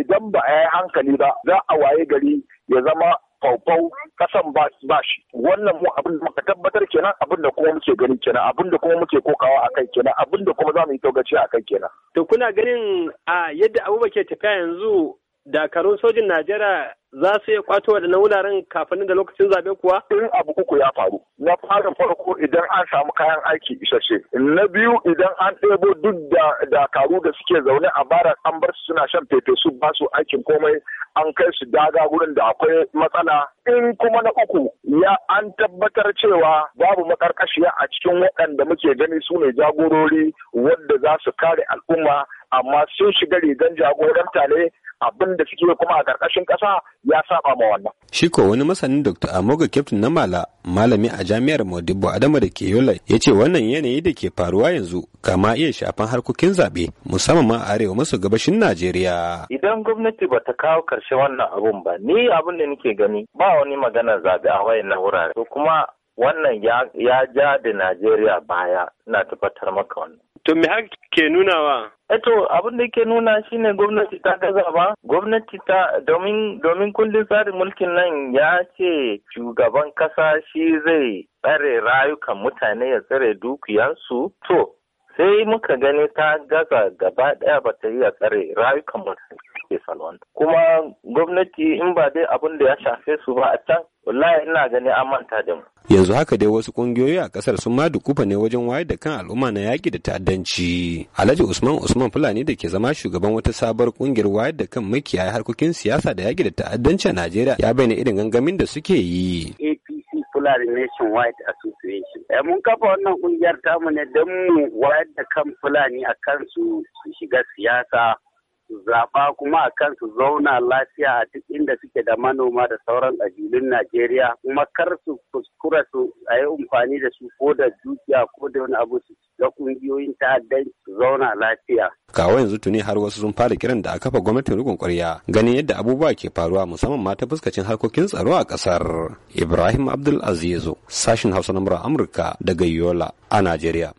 idan ba a yi hankali ba za a waye gari ya zama faufau kasan ba shi wannan mu abin da muka tabbatar kenan abin da kuma muke gani kenan abin da kuma muke kokawa a kai kenan abin da kuma za mu yi taugaci a kai kenan. To kuna ganin a yadda Abubakar ke tafiya yanzu dakarun sojin Najeriya za su iya kwato waɗannan wuraren kafin da lokacin zaɓe kuwa? In abu uku ya faru. Na fara farko idan an samu kayan aiki isasshe. Na biyu idan an ɗebo duk da dakaru da suke zaune a bara an bar su suna shan fefe su ba su aikin komai an kai su daga gurin da akwai matsala. In kuma na uku ya an tabbatar cewa babu makarkashiya a cikin waɗanda muke gani su ne jagorori wadda za su kare al'umma amma sun shiga rigar jagoranta ne abin da suke kuma a ƙarƙashin ƙasa ya saba ma wannan. Shi ko wani masanin Dr. Amoga Captain na Mala, malami a Jami'ar Modibo Adama da ke Yola, ya ce wannan yanayi da ke faruwa yanzu kama iya shafan harkokin zaɓe musamman ma a arewa maso gabashin Najeriya. Idan gwamnati ba ta kawo ƙarshe wannan abun ba, ni abin da nake gani ba wani magana zaɓe a wayan na wurare. To kuma wannan ya ja da Najeriya baya, na tabbatar maka wannan. To me haka ke nunawa? Eto eh abin da ke nuna shine gwamnati ta gaza ba, gwamnati ta domin domin kundin tsarin mulkin nan ya ce shugaban kasa shi zai tsare rayukan mutane ya tsare dukiyansu. To sai muka gani ta gaza gaba ɗaya ba ta yi a tsare rayukan mutane. ke salon. kuma gwamnati in ba dai abin da ya shafe su ba a can wallahi ina gani an manta da mu yanzu haka dai wasu kungiyoyi a kasar sun ma dukufa ne wajen wayar da kan al'umma na yaki da ta'addanci alhaji usman usman fulani da ke zama shugaban wata sabuwar kungiyar wayar da kan makiyaya harkokin siyasa da yaki da ta'addanci a najeriya ya bayyana irin gangamin da suke yi Fulani Nationwide Association. Eh, mun kafa wannan kungiyar tamu ne don mu wayar da kan Fulani a kansu su shiga siyasa zaɓa kuma a kan su zauna lafiya a duk inda suke da manoma da sauran ƙabilun Najeriya kuma kar su kuskura su a yi amfani da su ko da dukiya ko da wani abu su ga ƙungiyoyin ta'addanci su zauna lafiya. Kawo yanzu tuni har wasu sun fara kiran da a kafa gwamnatin rikon ƙwarya ganin yadda abubuwa ke faruwa musamman ma ta fuskacin harkokin tsaro a ƙasar. Ibrahim Abdul Azizu sashin Hausa na Amurka daga Yola a Najeriya.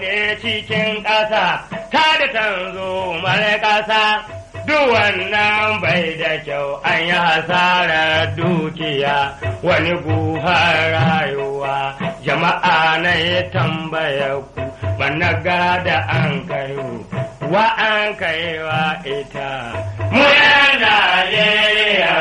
ne cikin ƙasa, ta da tanzo mara ƙasa, duk wannan bai da kyau an yi hasarar dukiya wani guhar rayuwa, jama'a na yi tambaya ku, managa gada an kayo, wa an kaiwa ita, mu yan Najeriya.